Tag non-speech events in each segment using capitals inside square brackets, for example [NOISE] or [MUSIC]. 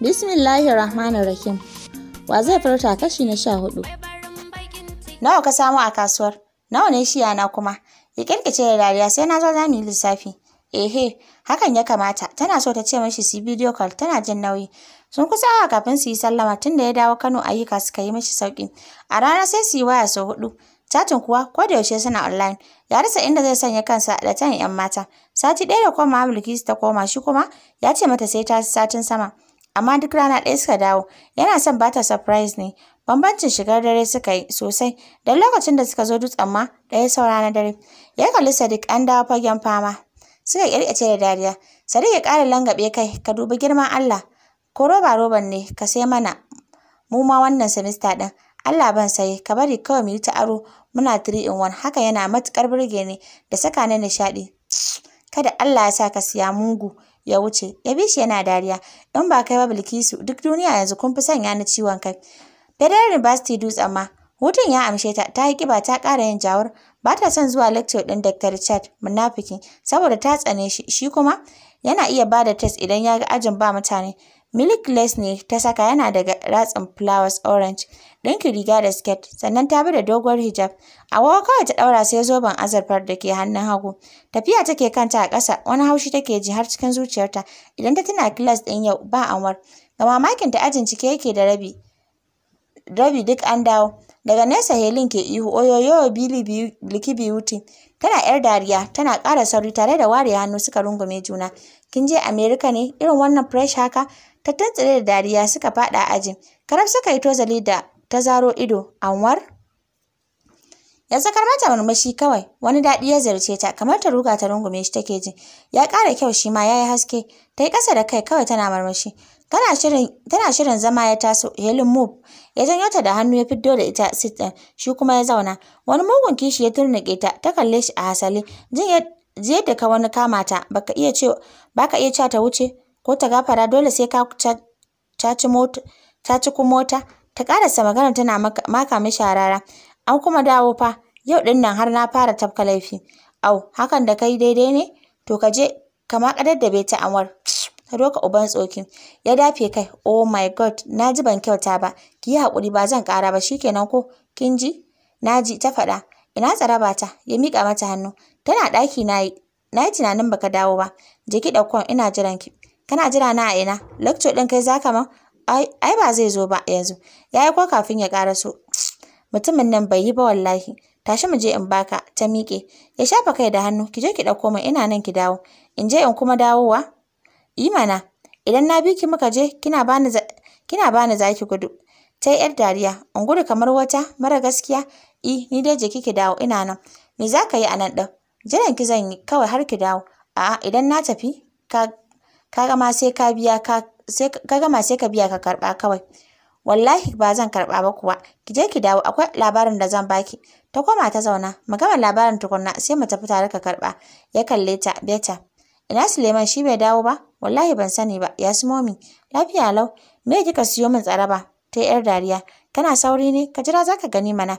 Bismillahi rahmanin Rahim. Wa zai furta kashi na sha hudu. Nawa ka samu a kasuwar? Nawa ne shi na kuma? Ya kirkice da dariya sai na zo za mu yi lissafi. Ehe, hakan ya kamata. Tana so ta ce mashi su bidiyo call tana jin nauyi. Sun kusa awa kafin su yi sallama tun da ya dawo Kano ayyuka suka yi mashi sauki. A rana sai su yi waya sau hudu. Chatin kuwa ko da yaushe suna online. Ya rasa inda zai sanya kansa da tan yan mata. Sati ɗaya da koma Bilkisu ta koma shi kuma ya ce mata sai ta satin sama. amma duk rana ɗaya suka dawo yana son ba ta surprise ne bambancin shigar dare suka yi sosai don lokacin da suka zo dutsen ma ɗaya saura na dare ya kalli sadiq an dawo fagen fama suka ƙirƙice da dariya sadiq ya ƙara langaɓe kai ka dubi girman allah ko roba roban ne ka sai mana mu ma wannan semester ɗin Allah ban sai ka bari kawai mu yi ta aro muna 3 in 1 haka yana matuƙar burge ni da saka ni nishaɗi kada Allah ya sa ka siya mugu ya wuce ya bi shi yana dariya don ba kai ba bilkisu duk duniya yanzu kun fi sanya ni ciwon kai federal university dutse ma hutun ya amshe ta ta yi kiba ta kara yin jawar ba ta son zuwa lecture ɗin Dr. Richard munafiki saboda ta tsane shi shi kuma yana iya ba da test idan ya ga ajin ba mutane Milik lace ne ta saka yana daga ratsin flowers orange, ɗinkin riga da skirt, sannan ta bi da doguwar hijab. Agogo kawai ta ɗaura sai zoben azurfar da ke hannun hagu. Tafiya take kanta a ƙasa, wani haushi take ji har cikin zuciyarta. Idan ta tuna kilas ɗin yau ba Anwar, ga mamakinta ajin cike yake da rabi. Rabi duk an dawo. Daga nesa helin ke ihu oyoyo Billy biyu Beauty. Tana ‘yar dariya, tana ƙara sauri tare da ware hannu suka rungume juna. Kin je Amerika ne? Irin wannan fresh haka? ta tantsare da dariya suka faɗa ajin karab suka yi tozali da ta zaro ido anwar ya sakar mata murmushi kawai wani daɗi ya zarce ta kamar ta ruga ta rungume shi take ji ya ƙara kyau shi ma ya yi haske ta yi ƙasa da kai kawai tana murmushi tana shirin tana shirin zama ya taso Helen Move ya janyo ta da hannu ya fiddo da ita sit ɗin shi kuma ya zauna wani mugun kishi ya turnuƙe ta ta kalle shi a hasali jin yadda ka wani kama ta baka iya cewa baka iya ta wuce ko ta gafara dole sai ka caci mota ta ciku mota ta karasa magana tana maka mishi harara an kuma dawo fa yau din nan har na fara tafka laifi au hakan da kai daidai ne to ka je ka makadar da bai ta amwar ka doka uban tsoki ya dafe kai oh my god na ji ban kyauta ba ki yi haƙuri ba zan kara ba shi kenan ko kin ji na ji ta faɗa ina tsaraba ta ya mika mata hannu tana ɗaki na yi na yi tunanin baka dawo ba jiki ki ɗaukon ina jiran ki Kana jira na a ina? Lecture ɗin kai zaka ma? Ai ba zai zo ba yanzu. Yayi ko kafin ya ƙaraso. [TSK] Mutumin nan bai yi ba wallahi. Tashi mu je in baka ta miƙe. Ya shafa kai da hannu. Ki je ki ɗauko min ina nan ki dawo. In je in kuma dawowa? Yi mana. Idan na bi ki muka je kina bani kina bani zaki gudu. Ta yar dariya. In gudu kamar wata mara gaskiya. I ni dai je kike dawo ina nan. Me za ka yi a nan ɗin? Jiran ki zan yi kawai har ki dawo. A'a idan na tafi ka kaga ma sai ka biya ka sai ka biya ka karba kawai wallahi ba zan karba ba kuwa ki je ki dawo akwai labarin da zan baki ta koma ta zauna mu gama labarin tukunna sai mu tafi tare ka karba ya kalle ta beta ina Suleiman shi bai dawo ba wallahi ban sani ba ya su momi lafiya lau me kika siyo min tsaraba ta yar dariya kana sauri ne ka jira zaka gani mana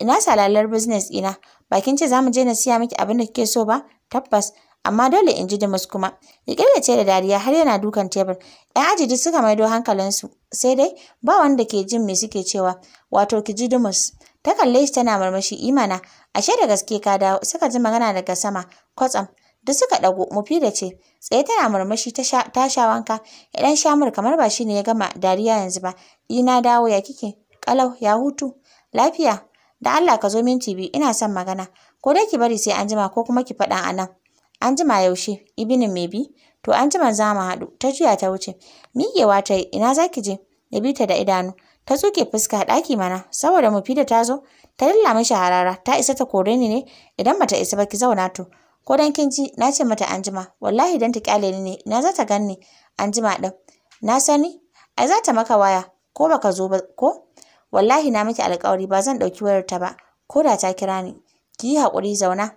ina salalar business ina bakin ce zamu je na siya miki abin da kike so ba tabbas amma dole in ji Dumus kuma. Ya ce da dariya har yana dukan tebur. ‘Yan aji duk suka maido hankalinsu, sai dai ba wanda ke jin me suke cewa, wato ki ji Dumus. Ta kalle shi tana murmushi imana, ashe da gaske ka dawo, suka ji magana daga sama, kwatsam. Duk suka ɗago, da ce, tsaye tana murmushi ta sha wanka, ya ɗan kamar ba shi ne ya gama dariya yanzu ba. Ina dawo ya kike, ƙalau, ya hutu, lafiya, da Allah ka zo minti biyu ina son magana, ko dai ki bari sai an jima ko kuma ki faɗa a nan. An jima yaushe? Ibinin mai bi? To an jima za mu haɗu. Ta juya ta wuce. Miƙewa ta yi. Ina za ki je? Ya bi ta da idanu. Ta tsuke fuska ɗaki mana saboda mu fida ta zo. Ta dilla mishi harara. Ta isa ta kore ni ne? Idan bata isa ba ki zauna to. Ko dan kin ji na ce mata an jima. Wallahi dan ta kyale ni ne. Ina za ta ganni? An jima ɗin. Na sani. Ai za ta maka waya. Ko baka zo ba ko? Wallahi na miki alƙawari ba zan ɗauki wayarta ba. Ko da ta kira ni. Ki yi haƙuri zauna.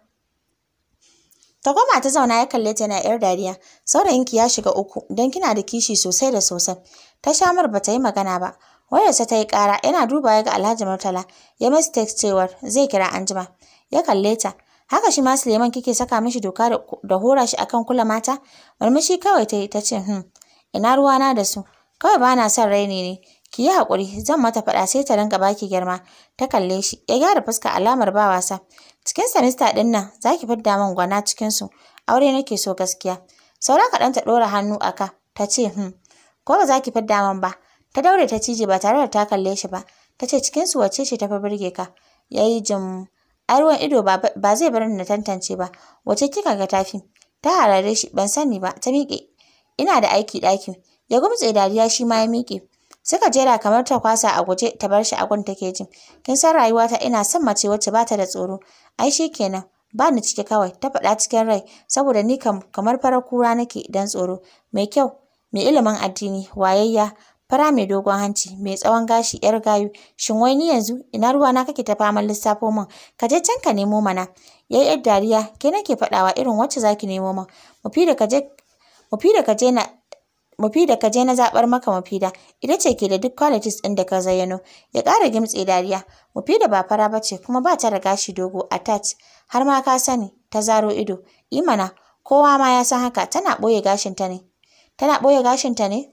Tagoma ta zauna ya kalle ta yana ‘yar dariya, saurayinki ya shiga uku don kina da kishi sosai da sosai. Ta shamar ba ta yi magana ba, wayarsa ta yi ƙara yana duba ya ga Alhaji Murtala ya masa text cewa zai kira anjima. Ya kalle ta, haka shi ma Suleiman kike saka mishi doka da hora shi akan kula mata? Murmushi kawai ta yi ta ce hmm, ina ruwana da su, kawai ba na son raini ne. Ki yi hakuri, zan mata faɗa sai ta rinka baki girma. Ta kalle shi, ya gyara fuska alamar ba wasa. Cikin sanista ɗin nan za ki fidda min gwana cikin su Aure nake so gaskiya. Saura kaɗan ta ɗora hannu a ka. Ta ce, hmm, ko ba za ki fidda min ba. Ta daure ta cije ba tare da ta kalle shi ba. Ta ce su wace ce ta fi birge ka. Ya yi jin ruwan ido ba zai bar ni na tantance ba. Wace kika ga tafi? Ta harare shi ban sani ba. Ta miƙe. Ina da aiki ɗakin. Ya gumtse dariya shi ma ya miƙe. Suka jera kamar ta kwasa a guje ta bar shi a gun take jin. Kin san rayuwata ina son mace wacce ba ta da tsoro. Ai shi kenan. Ba ni ciki kawai ta faɗa cikin rai saboda ni kam kamar farar kura nake dan tsoro. Mai kyau, mai ilimin addini, wayayya, fara mai dogon hanci, mai tsawon gashi, yar gayu. Shin wai ni yanzu ina ruwa na kake ta faman lissafo min? Ka je can ka nemo mana. Yayi yar dariya, ke nake faɗawa irin wacce zaki nemo min. Mu fi da ka je mu fi da ka je na Mufida ka je na zabar maka Mufida, ita ce ke da duk qualities ɗin da ka zayyano. Ya kara gimtse dariya, Mufida ba fara ba ce kuma ba ta da gashi dogo attach, har ma ka sani, ta zaro ido. Imana, kowa ma ya san haka, tana ɓoye gashinta ne. Tana gashin gashinta ne?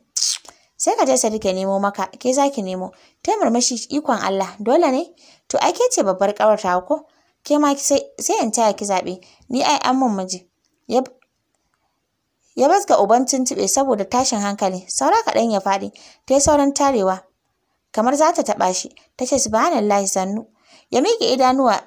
Sai ka je Sadiq nemo maka, ke zaki nemo. Ta murmushi ikon Allah, dole ne? To ai ke ce babbar ta ko? Ke ma sai in taya ki zaɓe, ni ai an mun miji. Ya bazga uban tuntuɓe saboda tashin hankali, saura kaɗan ya faɗi, ta yi sauran tarewa. Kamar za ta taɓa shi, ta ce subhanallahi sannu. Ya miƙe idanuwa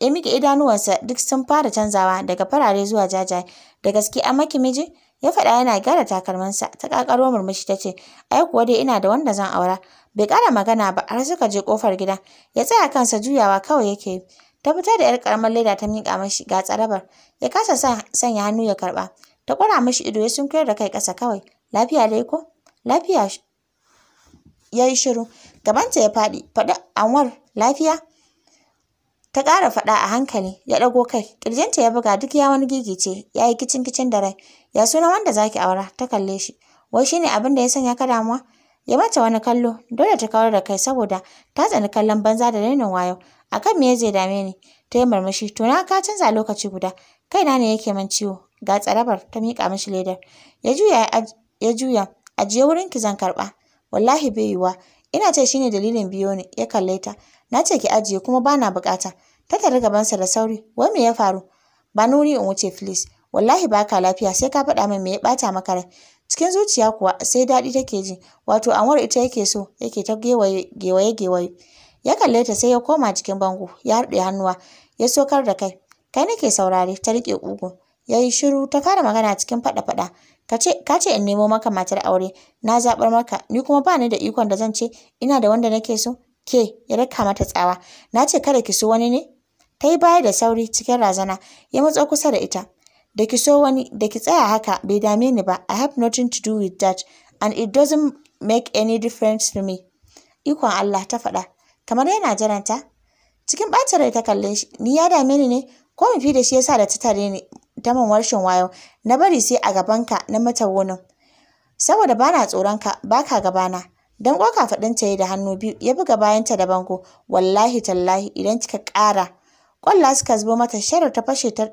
ya miƙe idanuwansa duk sun fara canzawa daga farare zuwa jajaye. Da gaske an maki miji? Ya faɗa yana gyara takalmansa, ta ƙaƙaro murmushi ta ce, ai kuwa dai ina da wanda zan aura. Bai ƙara magana ba har suka je ƙofar gida, ya tsaya kansa juyawa kawai yake Ta fita da 'yar ƙaramar leda ta miƙa mashi ga tsarabar, ya kasa sanya hannu ya karɓa. Ta ƙwara mashi ido ya sunkuyar da kai ƙasa kawai. Lafiya dai ko? Lafiya ya yi shiru. Gabanta ya faɗi. Faɗi Anwar lafiya? Ta ƙara faɗa a hankali, ya ɗago kai, ƙirjinta ya buga duk ya wani gigice, ya yi kicin kicin da rai. Ya suna wanda zaki aura, ta kalle shi. Wai shine abin da ya sanya ka damuwa? Ya mata wani kallo, dole ta kawar da kai saboda ta tsani kallon banza da nainin wayo. Akan me zai dame ni? Ta yi murmushi, to na ka canza lokaci guda. Kaina ne yake min ciwo, ga tsarabar ta miƙa mashi ledar ya juya ya juya ajiye wurin ki zan karɓa wallahi bai yiwuwa ina ce shine dalilin biyo ne ya kalle ta na ce ki ajiye kuma bana buƙata. ta tare gabansa da sauri wai me ya faru ba nuri in wuce please wallahi baka lafiya sai ka faɗa min me ya ɓata maka rai cikin zuciya kuwa sai daɗi take ji wato anwar ita yake so yake ta gewaye gewaye gewaye ya kalle ta sai ya koma cikin bango ya harɗe hannuwa ya sokar da kai kai nake saurare ta riƙe ƙugu Ya yi shiru ta fara magana cikin faɗa-faɗa. Ka ce in nemo maka matar aure, na zaɓar maka, ni kuma ba ni da ikon da zan ce ina da wanda nake so. Ke, ya raka mata tsawa, na ce kada ki so wani ne? Ta yi baya da sauri cikin razana, ya matso kusa da ita. Da ki so wani, da ki tsaya haka bai dame ni ba, I have nothing to do with that, and it doesn't make any difference to me. Ikon Allah ta faɗa, kamar yana jaranta Cikin ɓacin rai ta kalle shi, ni ya dame ni ne, ko mafi da shi ya sa da ta tare ni ta min warshin wayo na bari sai a gabanka na mata wonin saboda bana tsoron ka baka gabana dan koka faɗin ta yi da hannu biyu ya buga bayanta da bango wallahi tallahi idan kika ƙara kwalla suka zubo mata sharar ta fashe ta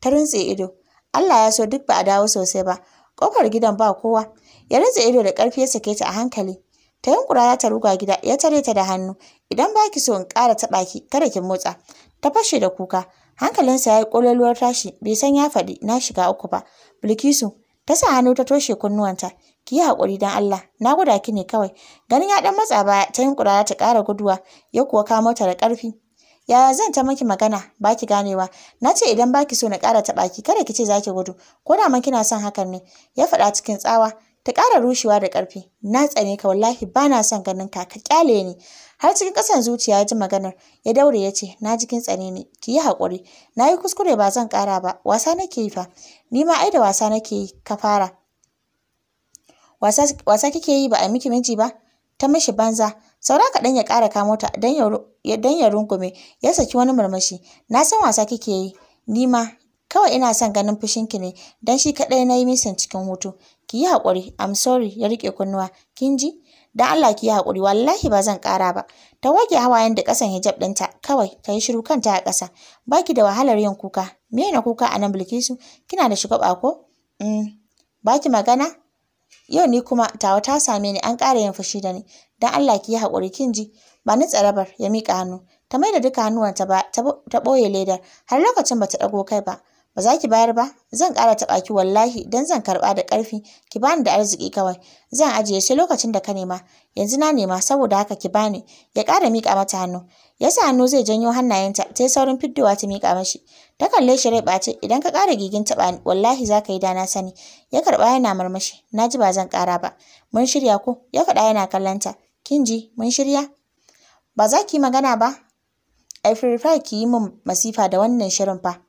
ta rintse ido Allah ya so duk ba a dawo sosai ba kofar gidan ba kowa ya rintse ido da ƙarfi ya sake ta a hankali ta yunkura za ta ruga gida ya tare ta da hannu idan baki so in ƙara taɓa ki kada ki motsa ta fashe da kuka hankalinsa ya yi ƙololuwar tashi bai san ya faɗi na shiga uku ba bilkisu ta sa hannu ta toshe kunnuwanta ki yi haƙuri don Allah na guda ki ne kawai ganin ya ɗan matsa baya ta yunkura ta ƙara guduwa ya kuwa kamo ta da ƙarfi yaya zan ta miki magana ba ki ganewa na ce idan baki so na kara taɓa ki kada ki ce za ki gudu ko da ma kina son hakan ne ya faɗa cikin tsawa ta ƙara rushewa da ƙarfi na tsane ka wallahi ba na son ganin ka ka ƙyale ni har cikin ƙasan zuciya ya ji maganar ya daure ya ce na jikin tsane ne ki yi haƙuri na yi kuskure ba zan ƙara ba wasa nake yi fa ni ma ai da wasa nake yi ka fara wasa kike yi ba a miki miji ba ta mishi banza saura kaɗan ya ƙara kamo ta don ya rungume ya saki wani murmushi na san wasa kike yi ni ma Kawai ina son ganin fushinki ne, don shi kaɗai na yi misan cikin hutu. Ki yi haƙuri, I'm sorry, ya riƙe kunnuwa. Kin ji? Don Allah ki yi haƙuri, wallahi ba zan ƙara ba. Ta wage hawayen da ƙasan hijab ɗinta, kawai ka yi shiru kanta a ƙasa. baki da wahalar yin kuka. Me na kuka a nan Bilkisu? Kina da shugaba ko? Mm. baki magana? Yau ni kuma tawa ta same ni an ƙara yin fushi da ni. Don Allah ki yi haƙuri, kin ji? Ba ni tsarabar, ya miƙa hannu. ta maida duka hannuwanta ba ta ɓoye ledar har lokacin ba ta ɗago kai ba ba za ki bayar ba zan ƙara taɓa ki wallahi don zan karɓa da ƙarfi ki bani da arziki kawai zan ajiye shi lokacin da ka nema yanzu na nema saboda haka ki bani ya ƙara miƙa mata hannu ya sa hannu zai janyo hannayenta ta yi saurin fiddowa ta miƙa mashi ta kalle shi rai bace idan ka ƙara gigin taɓa ni wallahi za ka yi dana sani ya karɓa yana marmashi na ji ba zan ƙara ba mun shirya ko ya faɗa yana kallonta kin ji mun shirya ba za ki yi magana ba A prefer ki yi min masifa da wannan shirin fa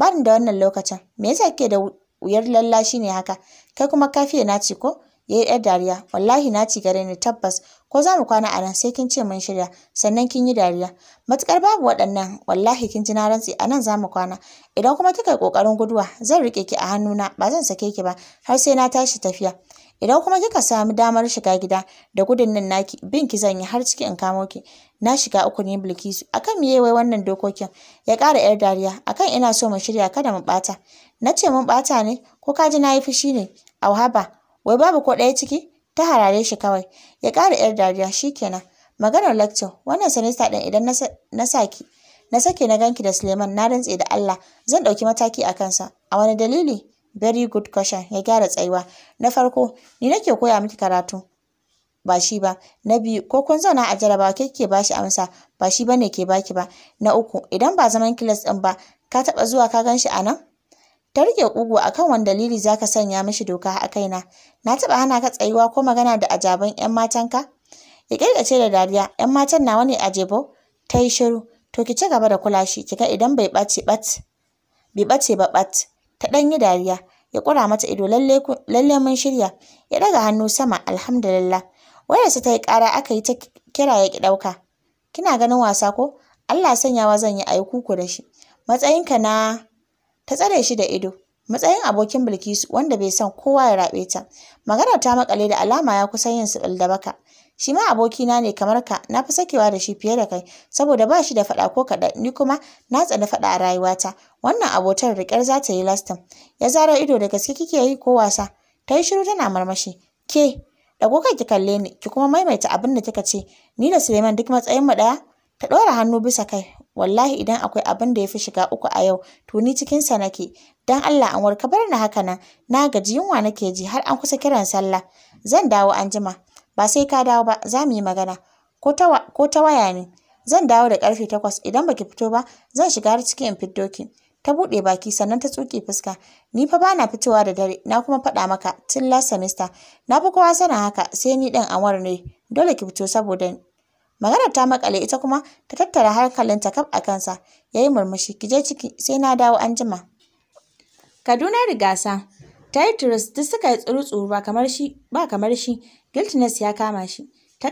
barin da wannan lokacin me yasa kike da wuyar lallashi ne haka kai kuma kafiye na ci ko ya yi dariya wallahi na ci gare ni tabbas ko za mu kwana a nan sai kin ce mun shirya sannan kin yi dariya matukar babu waɗannan wallahi kin ji na rantsi a nan za mu kwana idan kuma kika yi ƙoƙarin guduwa zan riƙe ki a hannuna ba zan sake ki ba har sai na tashi tafiya Idan kuma kika sami damar shiga gida da gudun nan naki bin ki zan yi har ciki in kamo ki. Na shiga uku ne Bilkisu akan miye wai wannan dokokin ya kara yar dariya akan ina so mu shirya kada mu bata. Na ce mun bata ne ko ka ji na yi fushi ne auhaba wahaba wai babu ko ɗaya ciki ta harare shi kawai ya ƙara yar dariya shikenan. Maganar lecture wannan sanista din idan na saki na sake na ganki da Suleiman na rantse da Allah zan ɗauki mataki a kansa a wani dalili very good question ya gyara tsayuwa na farko ni nake koya miki karatu ba shi ba na biyu ko kun zauna a jaraba ke ke bashi amsa ba shi bane ke baki ba na uku idan ba zaman kilas din ba ka taba zuwa ka ganshi shi a nan ta rike kugu akan wani dalili zaka sanya mishi doka a kaina na taba hana ka tsayuwa ko magana da ajaban yan matan ka? ya kirkace da dariya yan matan nawa ne a jebo ta yi shiru to ki ci gaba da kula shi kika idan bai bace bat bai bace ba bat ta ɗan yi dariya ya ƙura mata ido lalle mun shirya ya ɗaga hannu sama alhamdulillah wayarsa ta yi ƙara aka yi ta kira ya ki ɗauka kina ganin wasa ko Allah sanyawa zan yi aiku ku da shi matsayinka na ta tsare shi da ido matsayin abokin Bilkisu wanda bai san kowa ya raɓe ta magana ta makale da alama ya kusan yin su da baka shi ma abokina ne kamar ka na fi sakewa da shi fiye da kai saboda ba shi da faɗa ko kaɗan ni kuma na tsani faɗa a rayuwata wannan abotar riƙar za ta yi lastin ya zaro ido da gaske kike yi ko wasa ta yi shiru tana marmashi ke ɗago kai ki kalle ni ki kuma maimaita abin da kika ce ni da Suleiman duk matsayin mu ɗaya ta ɗora hannu bisa kai wallahi idan akwai abin da ya fi shiga uku a yau to ni cikin sa nake dan Allah an warka bar ni haka nan na gaji yunwa nake ji har an kusa kiran sallah zan dawo an jima ba sai ka dawo ba za mu yi magana ko ta waya ne zan dawo da karfe takwas idan baki fito ba zan shiga har cikin in fiddo ta buɗe baki sannan ta tsuke fuska ni fa bana fitowa da dare na kuma faɗa maka tun last semester na fi kowa sana haka sai ni ɗin anwar ne dole ki fito saboda ni maganar ta makale ita kuma ta tattara hankalinta kaf a kansa yi murmushi ki je ciki sai na dawo anjima Kaduna rigasa ta yi duk suka yi tsuru ba kamar shi Guiltiness ya kama shi. Ta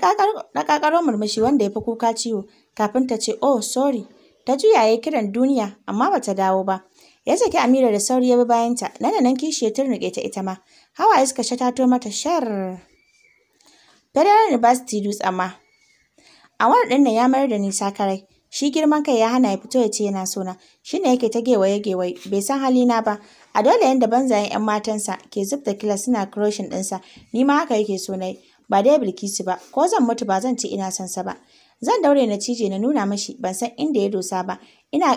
ƙaƙaro murmushi wanda ya fi kuka ciwo kafin ta ce, Oh, sorry. Ta juya ya kiran duniya amma ba ta dawo ba. Ya saki Amira da sauri ya bi bayanta, nan da nan kishi ya turnuƙe ta ita ma. hawa iska suka to mata shar. Federal University ma. amma. wani ɗin ya mayar da nisa karai. Shi girman kai ya hana ya fito ya ce yana sona, shi ne yake ta gewaye-gewaye, bai san halina ba. A dole yanda banzayen 'yan matansa ke zub da kila suna kroshin ɗinsa, ni ma haka yake so na ba dai Bilkisu ba, ko zan mutu ba zan ci ina san sa ba. Zan daure na cije na nuna mashi ban san inda ya dosa ba, ina,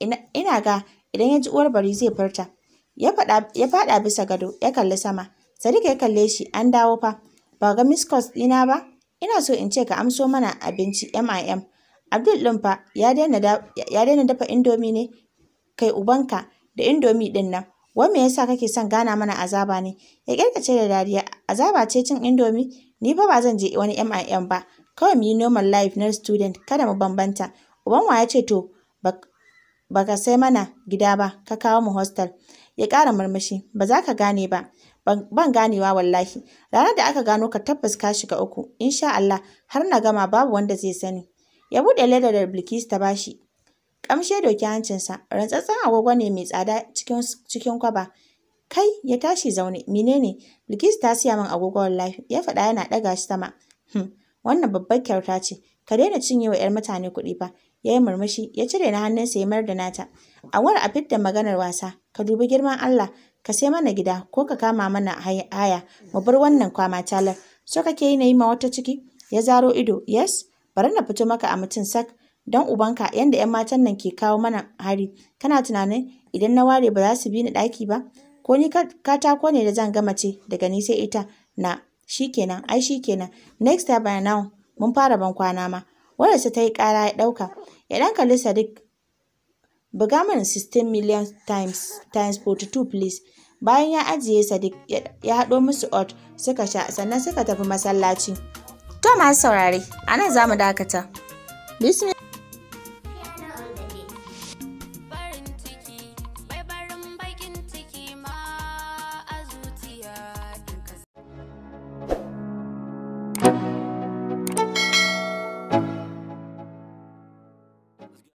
ina, ga idan ya ji uwar bari zai furta. Ya faɗa bisa gado, ya kalli sama, Sadiq ya kalle shi, an dawo fa, ba ga miscos ɗina ba, ina so in ce ka amso mana abinci MIM. Abdul ɗin fa ya daina dafa indomi ne? Kai ubanka da indomi ɗin nan. Wai me yasa kake son gana mana azaba ne? Ya ƙyarƙyace da dariya. Azaba ce cin indomi? Ni fa ba zan je wani MIM ba. Kawai mu yi normal life na student, kada mu bambanta. Uban wa ya ce to ba ka sai mana gida ba, ka kawo mu hostel. Ya ƙara murmushi, ba za ka gane ba. Ban ganewa wallahi. Ranar da aka gano ka tabbas ka shiga uku. Insha Allah, har na gama babu wanda zai sani. ya buɗe ladar da Bilkisu ta bashi. Ƙamshe doki hancinsa, rantsatsen agogo ne mai tsada cikin kwaba. Kai ya tashi zaune, menene? bilkis ta siya min agogo wallahi, ya faɗa yana ɗaga shi sama. Hmm, wannan babbar kyauta ce, ka daina cinye wa ‘yar mutane kuɗi ba. Ya yi murmushi, ya cire na hannunsa ya mayar da nata. Awar a fidda maganar wasa, ka dubi girman Allah, ka sai mana gida ko ka kama mana haya, mu bar wannan kwama talar. So kake yi na yi ma wata ciki? Ya zaro ido, yes? bari na fito maka a mutum sak don ubanka yanda 'yan matan nan ke kawo mana hari kana tunanin idan na ware ba za su bi ni ɗaki ba ko ni katako ne da zan ga mace daga ni sai ita na shikenan ai shikenan next time by now mun fara ban kwana ma wanda ta yi kara ya ɗauka ya ɗan kalli sadiq buga mana 16 million times times 42 please bayan ya ajiye sadiq ya haɗo musu ot suka sha sannan suka tafi masallaci To masu saurare, a nan za mu dakata. Bismillah.